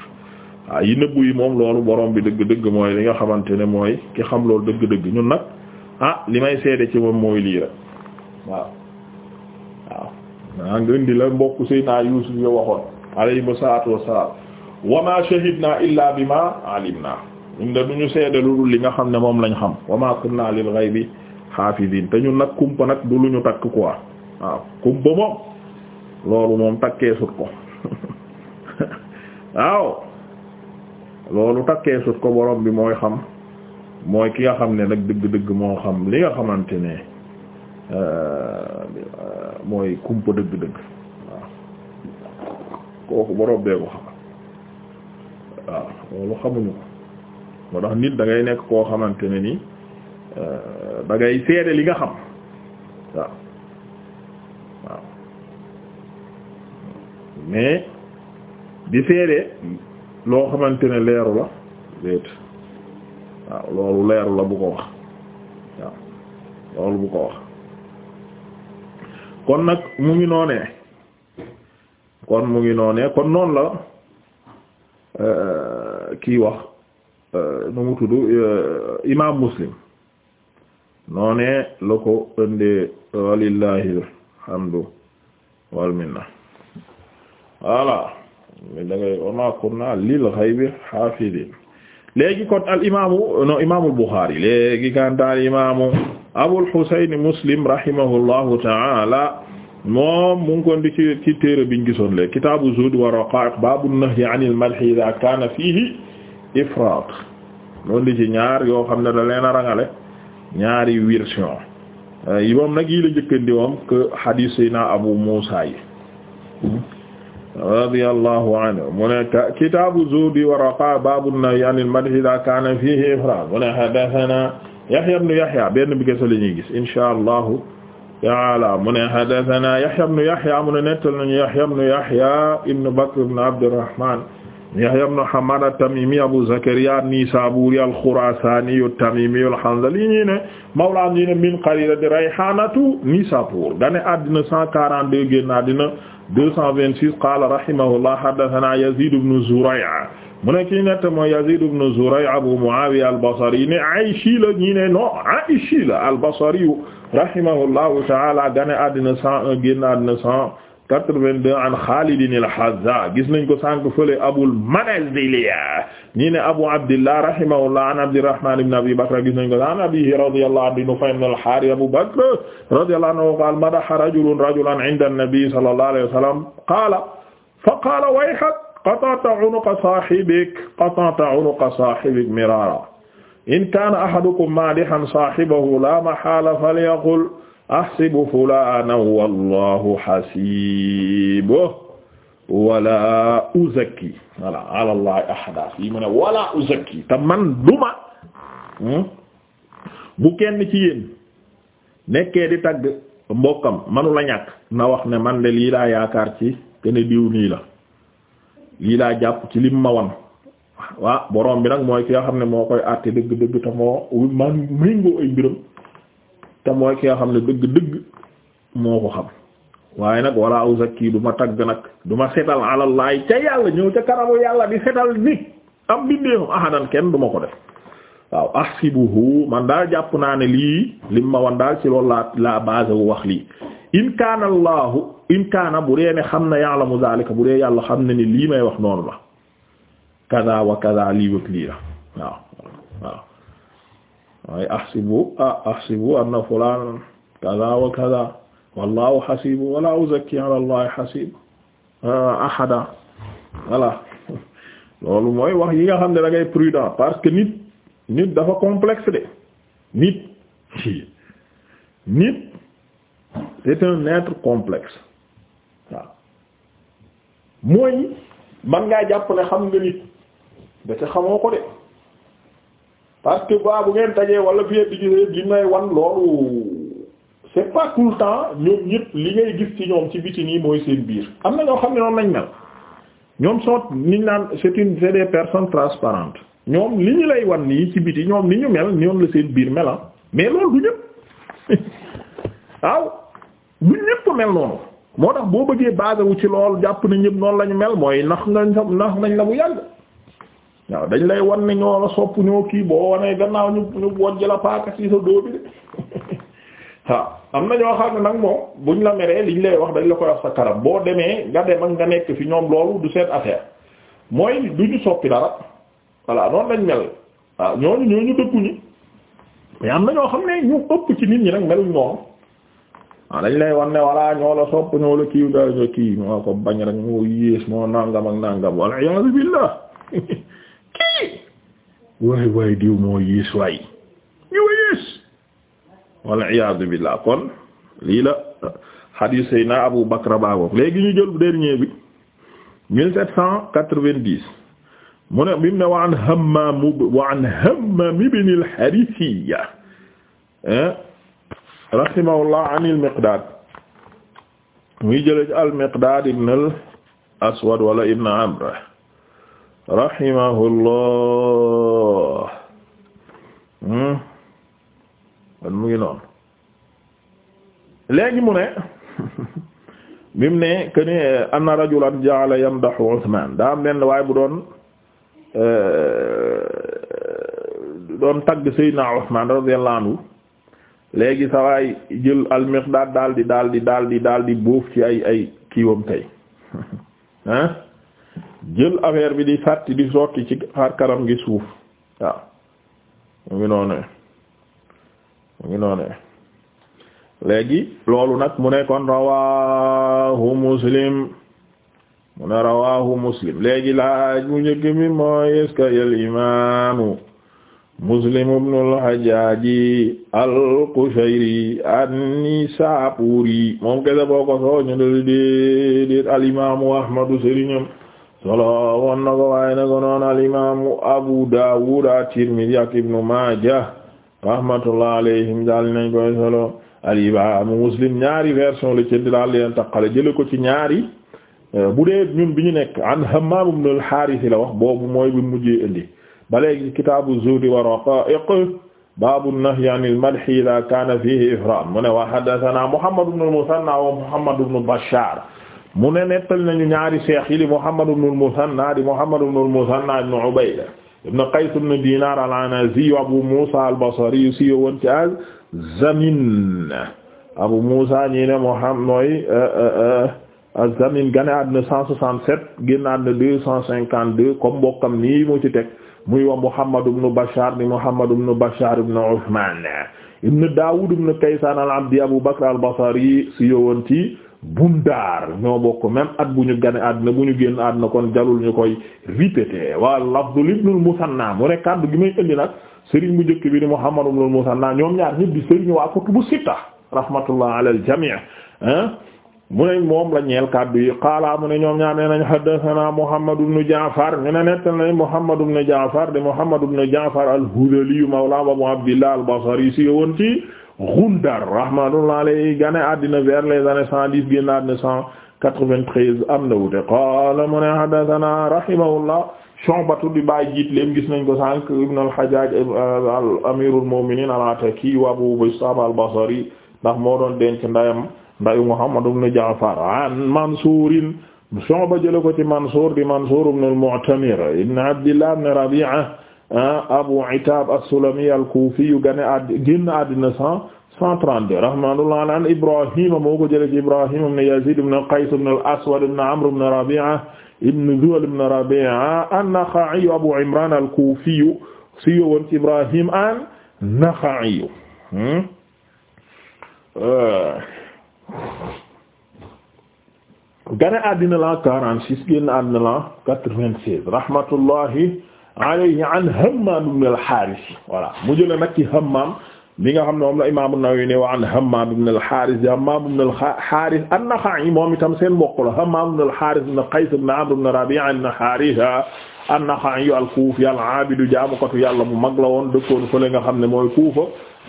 Speaker 1: waaw yi nëbbu yi moom loolu borom bi dëgg-dëgg mooy li nga xamante ne mooy ki xam loolu dëgg-dëgg ñun nag ah li may seede ci moom mooy lii rek waaw waaw maa indi la mbokk Seydina Yuusuf yo waxoon alayhi salaatu wassalaam wa ma shahidna illa bima alimna ñun de duñu seede lu dul li nga xam ne moom lañ xam wa ma kunna lil ghaybi haafizin te ñun nag kumpa nag du lu ñu takk quoi waaw kumpa moom loolu moom takkee sut ko waaw loolu takkee sut ko borom bi mooy xam mooy ki nga xam ne nag dëgg-dëgg moo xam li nga xamante ne euh, mooy kumpa dëgg-dëgg waaw kooku borom bee ko xam waaw loolu xamuñu ko moo tax nit da ngay nekk koo xamante ne ni euh, da ngay seede li nga xam waaw waaw mais di seede loo xamante ne leeru la déet waaw loolu leeru la bu ko wax waaw loolu bu ko wax kon nag mu ngi noonee kon mu ngi noonee kon noonu la euh, kii wax euh, nu mu tudd euh, imaam muslim noonee la ko ëndee walillahi wal minna voilà mi da ngay wama kunna lil ghaybi hafidin léegi kon al imamu no imamul Bukhari léegi kanta al imamu Abul Husayn Muslim ta'ala moom mu ngi kon di ci ci téere biñ gisoon léegi kitaabu zuhd wa raqa'iq baabu nahyi anil madhi idha kana fihi ifrat loolu di ñaar yoo xam ne da leen a rangale ñaari Euh, yi moom nag yi la njëkkandi moom que hadith sayna Abu Musa yi radiyallahu anhu mu ne kitaabu zuhdi wa raqa baabu nahyi anil madhi idha kaana fihi ifraad mu ne haddathana Yahya ibn Yahya benn bi kese la ñuy gis inshaa Allahu ta'aala mu ne haddathana Yahya ibn Yahya mu ne nettal nañu Yahya ibn Yahya ibn Bakr ibn Abdurrahman Yahya ibn Hammad at-Tamimi Abu Zakariya an-Nisaburi al-Khurasani at-Tamimi al-Hanzali ñi ne mawla ñi ne min qarira di Rayhanatu Nisabur gane àddina 142 génn àddina 226 qala rahimahullah haddathana Yazid ibn Zuray' mu ne kii nett mooy Yazid ibn Zuray' Abu Muawiya al-Basri ne Ayshi la ñi ne non Ayshi la al-Basri rahimahullahu ta'ala gane àddina 101 génn àddina 100 82 an Xaalid al-Hazza gis nañ ko sànq fële Abul Manaziliya ñi ne Abu Abdillah rahimahullah an Abdirrahman ibn Abi Bakr gis nañ ko an abihi radiyallahu anhu Nufay ibn al-Haaris Abu Bakr radiyallahu anhu qaala madaha rajulun rajulan inda an-nabi sallallahu alayhi wa sallam qaala fa qaala wayhak qata'ta unuqa saahibik qata'ta unuqa saahibik miraara in kaana ahadukum maadihan saahibahu laa mahaala falyaqul ahsibu fulaanan wallahu hasiibuhu wala uzakki wala ala allahi ahada yi mu ne wala man duma hmm? bu kenn ci yéen nekkee di tagg mbokkam manu la ñàkk na wax ne man de lii laa yaakaar ci kene diw nii la lii laa jàpp ci lim ma wan waa borom bi nag mooy ki nga xam ne moo koy àtte dëgg dëgg te moo man méngoo ay mbiram te mooy ki xam ne dëgg-dëgg moo ko xam waaye nag wala uzakki du ma tagg nag duma ma setal alallaay ca yàlla ñëw ca kanamu yàlla di setal ni am bindeefam ahadan kenn duma ko def waaw ahsibuhu man daal jàpp naa ne lii lim ma wan daal ci loolu laa laa base wax lii in kaana allahu in kaana bu dee ne xam na ya'lamu zalika bu dee yàlla xam na ni lii may wax noonu la kada wa kada lii wëg lii la waaw waaw waaye ahsibu ah ahsibu anna fulan kaza wa kaza hasibu wala uzakki ala allah ah, ahada voilà loolu mooy wax yi nga xam ne da ngay prudent parce que nit nit dafa complexe de nit nit c'est un être complexe mooy man ngaa jàpp ne xam nga nit da xamoo ko de parce que ba bu ngeen tajee wala fi di gisee di may wan loolu c'est pas tout le temps ñoom ñëpp li ngay gis ci ñoom ci biti nii mooy seen biir am na ñoo xam ne noonu lañu mel ñoom soo niñ naan c'est une c'est des personnes ñoom li ñu lay wan nii ci biti ñoom ni ñu mel la seen biir mel ah. mais loolu du ñëpp waaw du ñëpp mel noonu moo tax boo bëggee basé wu ci lool jàpp na ñëpp noonu la ñu mel mooy nax nga nax nañ la bu yàgg. waaw dañ lay wan ne ñoo la sopp ñoo kii boo wanee gannaaw ñu ñu wojj la paaka ci sa doo de waaw am na ñoo xam ne nag moom buñ la meree liñ lay wax dañ la koy wax sa karam boo demee nga dem ak nga nekk fi ñoom loolu du seen affaire mooy du ñu soppi dara voilà noonu lañ mel waaw ah, ñooñu ñooñu dëkkuñu mais am na ñoo xam ne ñu ëpp ci nit ñi nag meluñ noonu waaw ah, dañ lay wan ne voilà ñoo la sopp ñoo la kii da kii ñoo ko bañ rek moo yées moo nàngam ak nàngam walla lii waay waay diw moo yiis waay diw a yiis wal iyaadu billaah kon lii la xadiis Seydina Abu Bakra baaboog léegi ñu jël dernier bi mille sept cent quatre-vingt-dix mu ne bi mu ne wa an Hammaam wa an Hammaam ibn al-Haarisiyya eh? rahimahullah an al-Miqdaad muy jële ci al-Miqdaad ibn al-Aswad wala ibn Amr rahimahullah hmm? kon mu ngi noonu léegi mu ne bi mu ne que ni euh, anna rajulan ja'ala yamdahu Usman daa am waaye bu doon euh, doon tagg Seydina Usman radiyallahu anhu léegi sa waay jël al-Miqdaad daal di daal di daal buuf ci ay ay kiiwam tey ah. jël affaire bi di fàtti di sotti ci xar karam gi suuf waaw mu ngi noonee mu ngi léegi loolu nag mu ne kon rawahu muslim mu ne rawahu muslim léegi laaj mu njëkk mi mooy est-ce que al imaamu muslim ibnu al-hajjaaji al-qushayri an-nisapuri moom kese boo ko ñu ne déedéet al imaamu ahmadu sëriñam solo woon na ko waaye na ko noon al imaamu Abu Dawud at-Tirmidhi ak Ibnu Maaja rahmatullah alayhim daal nañ koy solo al imaamu Muslim ñaari version la ci daal leen taqale jële ko ci ñaari euh, bu dee ñun bi ñu nekk an Hammaam ibnu al-Haaris la wax boobu mooy bi mujjee indi ba léegi kitaabu zuhd wa raqaa'iq baabu nahyi anil madhi idhaa kaana fiihi ifraat mu ne wa haddathanaa Muhammad ibnu al-Musanna wa Muhammad ibnu Bashaar mu ne nettali nañu ñaari cheikh yi di Muhammad ibn al-Muthanna di Muhammad ibn al-Muthanna ibn Ubayda ibn Qays ibn Musa al-Basri si woon ci az-Zamin Abu Musa ñi ne Muhammad mooy euh, euh, euh, az-Zamin gane àddina 167 génn àddina 252 comme mbokkam nii mu ci teg muy wa Muhammad ibn Bashar di Muhammad ibn Bashar ibn Uthman ibn Dawud ibn Kaysan al-Abdi Abu Bakr al-Basri si woon ci Bundaar ñoo bokk même at bu ñu gane àdduna bu ñu génn àdduna kon jalul ñu koy répété waa lafdu ibnul Musanna mu ne kàddu gi may indi nag sëriñ bu njëkk bi di Muhammad ibnul Musanna ñoom ñaar ñëpp di sëriñ waa kutubu sitta rahmatullah ala al mu ne moom la ñeel kàddu yi qaala mu ne ñoom ñaar nee nañ haddathana Muhammad ibn Ja'far ñu ne nettal nañ Muhammad ibn Ja'far de Muhammad ibn Ja'far al-Hudhali mawla Abu Abdillah al-Basri si woon ci Gundar rahmatullah alayhi gane àddina vers les années cent dix génn àddina cent quatre-vingt-treize am na wute qaala mu ne haddathana rahimahullah Shu'batu di bàyyi jiit léem gis nañ ko sànq ibn al-Hajjaj amirul mu'minin al-Ataki wa Abu Bistam al-Basri ndax moo doon denc ndayam ndayu Muhammad ibn Ja'far an Mansuurin Shu'ba jële ko ci Mansuur di Mansuur ibn al-Mu'tamir ibn Abdillah ibn Rabi'a Abu Itab as-Sulami al gane add génn àddina cent cent trente an Ibrahima moo ko jëlee ci Ibrahima ibn Yazid ibn aswad ibn Amr ibn Rabi'a ibn Zuhal ibn Rabi'a an-Nakha'i Abu Imran al-Kufi si Ibrahim an-Nakha'i hmm? gane àddina la quarante-six génn àddina la quatre-vingt-seize alayhi an Hammaam ibn al-Haaris voilà mu jëlee nag ci Hammaam mi nga xam ne moom la imaam an-Nawawi ne wa an Hammaam ibn al-Haaris di Hammaam ibn al-Haaris an-Naxa'i moom itam seen mbokk la Hammaam ibn al-Haaris ibn Qays ibn Amr ibn Rabi'a an-Haaritha an-Nakha'i al-Kufi al-abidu jaamukatu yàlla mu mag la woon dëkkoon xam ne mooy Kufa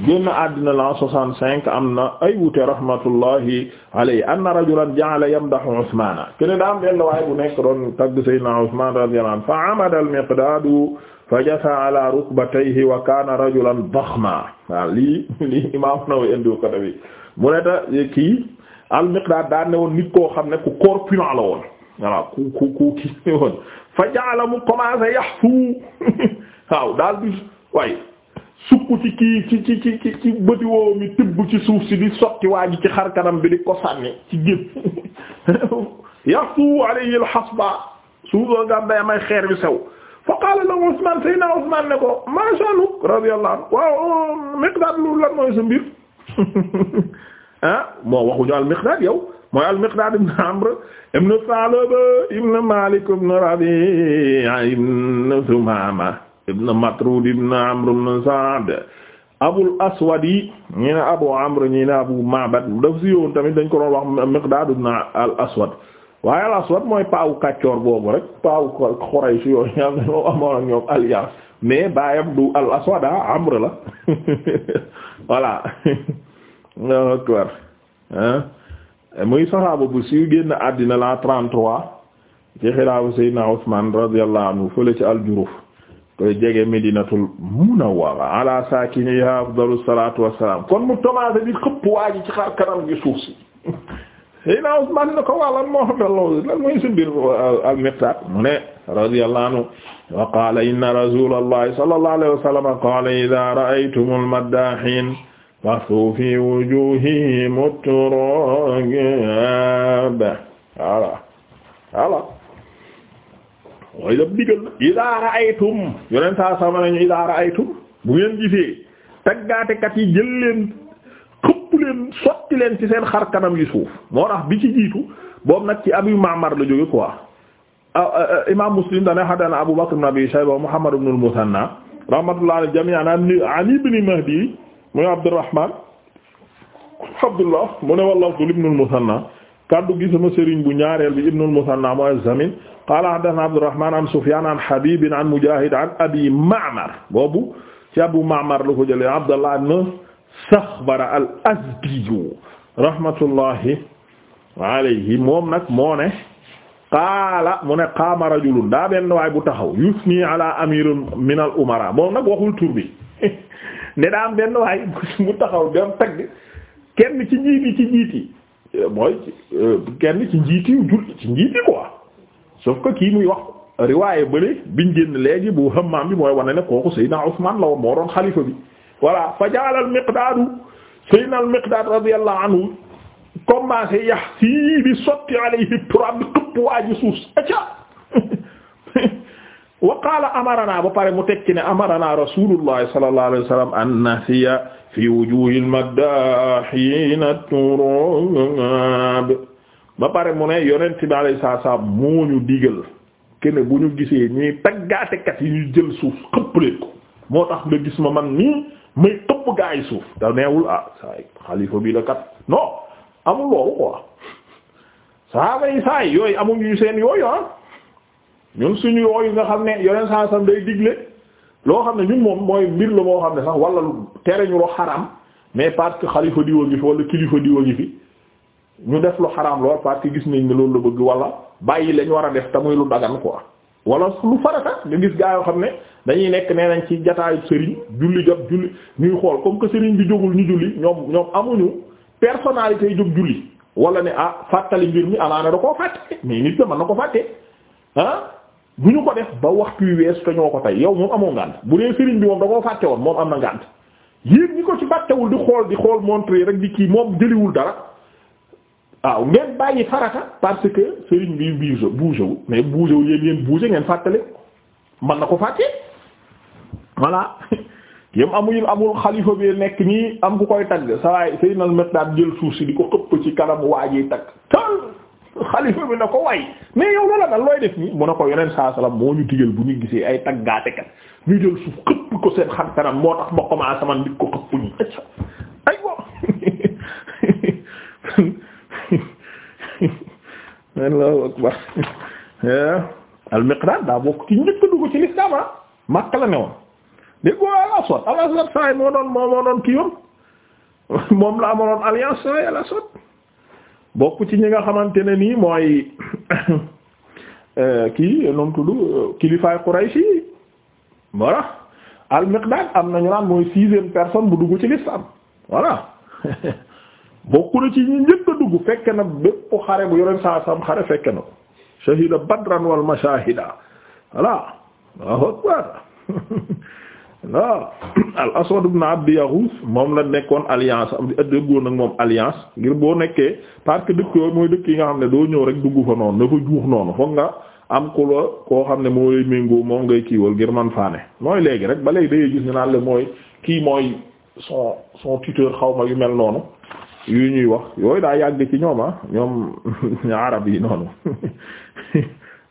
Speaker 1: génn àddina la 65 am na ay wute rahmatullahi alayhi anna rajulan ja'ala yamdahu Usmaana kenn daa am benn waay bu nekk doon tagg Sayyidina Usmaan radiyallahu anhu fa'amada al-Miqdaadu fajasa ala rukbatayhi wa kaana rajulan dakhma waaw lii lii imaam Nawawi indi ko tamit mu ne ta kii al-Miqdaad ne koo xam ne ku corpulent la ku ku ku kii woon fa jaala mu commencé yax fu daal di waaye ci kii ci ci ci ci ci ci suuf si di sotti waa ji ci xar kanam bi di ko sànni ci génn yax fu alayhi alxasba suuf soo nga day amay xeer sew fa qaala la Usmaan sayna Usmaan ma sha'nuk radiyallahu anhu waaw Miqdaad lu lan ah, moo waxuñu al Miqdaad yow mooy al-Miqdaad ibn Amr ibn Salaba ibn Malik ibn Rabi'a ibn Sumaama ibn Matrud ibn Amr ibn Sa'd Abul Aswad yi ñi ne Abu Amr ñi ne Abu Ma'bad daf si yowoon tamit dañ ko doon wax Miqdaad ibn al-Aswad waaye al-Aswad mooy paawu kàccoor boobu rek paawu Quraysh yooyu nga xam ne moom amoon ak ñoom mais baayam du al-Aswad ah, Amr la voilà Eh, muy saxaaba bu siiw génn àddina la 33 ci xilaafu Seydina Usmaan radiyallahu anhu fële ci aljuruf koy jege Medinatul Munawwara ala saakiniha afdalu salaatu wassalaam kon mu commencé di xëpp waa ji ci xar kanam gi suuf si Seydina Usmaan ne ko waalan moo xam loolu lan mooy si mbir uh, ak Miqdaad mu ne radiyallahu anhu wa qaala inna rasuulallahi sallallahu alayhi wa sallam qaala idaa ra'aytumul maddaahiin masu fi wujuhihim at-turab ala ala mooy daf digal idaa ra'aytum yoneen saa sama nañu idaa ra'aytum bu ngeen gisee taggaatekat yi jël leen xëpp leen sotti leen ci seen xar kanam yu suuf moo tax bi ci jiitu boobu nag ci Abu Ma'mar la jóge quoi ah, ah, ah, imaam Muslim dana hadana Abu Bakr ibn Abi Shayba Muhammad ibn al-Muthanna rahmatullahi alayhi jami'an an ibn Mahdi muy Abdurrahman Abdullah mu ne walla tul ibnul Musanna kaddu gi sama sëriñ bu ñaareel bi ibnul Musanna mooy Zamin qaala haddathana Abdurrahman an Sufyan an Habib an Mujahid an Abi Ma'mar boobu ci Abu Ma'mar la ko jëlee Abdullah ibn Sakhbar al-Azdi rahmatullahi alayhi moom nag moo ne qaala mu ne qaama rajulun daa benn waay bu taxaw yusni ala amirin min al umara moom nag waxul tur bi ne daa am benn waay mu taxaw dem tagg kenn ci njiit ci njiit yi mooy euh, kenn ci njiit yi jul ci njiit yi quoi sauf kii muy wax riwaaye bële biñ génn léegi bu Hammaam bi mooy wane ne kooku Seydina Usmaan la woon moo doon xalifa bi voilà fa jaalal miqdaadu Seydina al miqdaad radiyallahu anhu commencé yax bi sotti alayhi turab bi xëpp waa ji aca wa qaala amarana ba pare mu tekki ne amarana rasulullah sallallahu alayhi wa sallam an nasiya fi wujuhil maddahiina turab ba pare mu ne yonent bi alayhi moo ñu digal kenn bu ñu gisee ñuy taggaatekat yi ñu jël suuf xëppleen ko moo tax nga gis ma man nii may topp gaa suuf da neewul ah saa yi xalifa bi la kat non amul loolu quoi saaba yi saa yi yooyu amuñu seen yooyu ah ñun suñu yooyu nga xam ne yoneen saa sam day digle loo xam ne ñun moom mooy mbir la moo xam ne sax wala tere ñu lu xaram mais parce que xalifa diwa ngi fi wala kilifa diwa ngi fi ñu def lu xaram lool parce que gis nañ ne loolu la bëgg wala bàyyi lañ war a def te muy lu dagan quoi wala lu farata nga gis gaa yoo xam ne dañuy nekk nee nañ ci jataayu sëriñ julli jot julli ñuy xool comme que sëriñ bi jógul ñu julli ñoom ñoom amuñu personnalité yi jóg julli wala ne ah fàttali mbir mi amaana da koo fàtte na ko fàtte ah du ñu ko def ba waxtu yu wees te ñoo ko tey yow moom amoo ngànt bu dee sëriñ bi moom da koo fàtte woon moom am na ngànt yéen ñi ko ci fàttewul di xool di xool montre rek di kii moom jëliwul dara waaw ngeen bàyyi farata parce que sëriñ bi bouge bougewul mais bougewul yéen yéen bouge ngeen fàttale man na ko fàtte voilà yém amul amul xalifa bi nekk nii am ku koy tagg sa sëy nal métt daan jël suuf si di ko xëpp ci kanam waajiy tagg tal xalifa bi na ko way mais yow loola dal looy def nii mu ne ko yeneen saa salaam moo ñu digal bu ñu gisee ay taggaatekat ñu jël suuf xëpp ko seen xar kanam moo tax ma commencé man nit ko xëpp ñu ay wo Allahu akbar eh? al-Miqdaad daa ah. al-Aswad saa yi moo doon moo doon kii yoon moom la amoon alliance saa yi al-Aswad bokk ci ñi nga xamante ne nii mooy euh, kii noonu tudd kilifaay Quraysh yi voilà al-Miqdaad am na ñu naan mooy sixième personne bu dugg ci l'islam voilà bokk na ci ñi njëkk a dugg fekke na bépp xare bu yoreen saa sam xare fekke na ko shahida badran wal mashahida voilà waaw waaw al aswad ibn abd yaghus moom la nekkoon alliance dëggoon ak moom alliance ngir boo nekkee parce que dëkk yooyu mooy dëkk yi nga xam ne doo ñëw rek dugg fa noonu na fa juux noonu foog nga am ku la koo xam ne mooy moom ngay kiiwal ngir man faane mooy léegi rek ba léegi dangay gis ne naan la mooy kii mooy son son tuteur xaw ma yu mel noonu yu ñuy wax yooyu daa yàgg ci ñoom ah ñoom arab yi noonu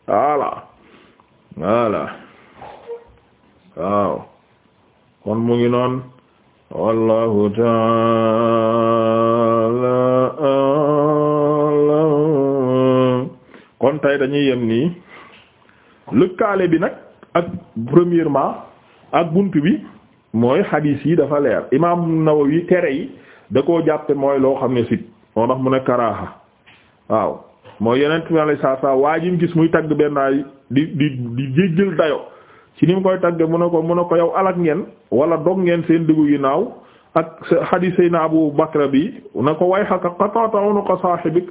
Speaker 1: voilà voilà waaw kon mu ngi noon wallahu taala kon tey dañuy yem nii lëkkaale bi nag ak premièrement ak bunt bi mooy xadiis yi dafa leer imaam Nawawi tere yi da koo jàppe mooy loo xam ne sit moo tax mu ne karaaxa waaw mooy yeneen tubaab yi saa saa waa ji gis muy tagg benn ay di di di jéggal dayo ci ni mu koy tagge mu a ko mu a ko yow alak ngeen wala dog ngeen seen diggu naaw ak xadiis naa bu Bakra bi na ko way xaka qata'ta unuqa sahibik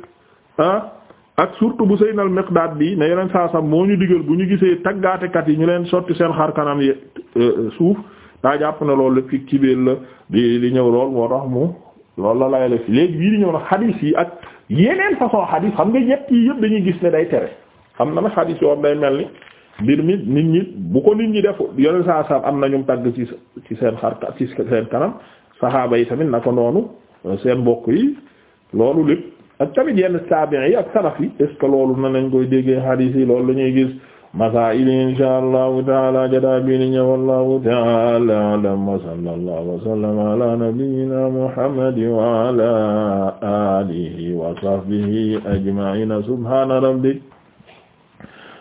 Speaker 1: ah, ak surtout bu sayna al Miqdaad bi ne yeneen saa sam moo ñu digal bu ñu gisee taggaatekat yi ñu leen sotti seen xar kanam yi euh, suuf daa jàpp ne loolu lépp ci biir la bi di ñëw lool moo tax mu loolu la lay fi léegi bii di ñëw nag xadiis yi ak yeneen façon xadiis xam nga yépp yi yépp dañuy gis ne day tere xam na nag xadiis yoo day mel ni mbir mi nit ñi bu ko nit ñi def yoneen saa am na ñum tagg ci ci seen xar ci seen kanam saxaaba yi tamit na ko noonu seen mbokk yi loolu lépp ak tamit yenn taabiin yi ak salaf yi est loolu na nañ koy déggee xadiis yi loolu la ñuy gis masaa'il insha allahu taala jada bi ni ñëw wallahu taala alam wa sallallahu wa sallama ala nabiyyina muhammadin wa ala alihi wa sahbihi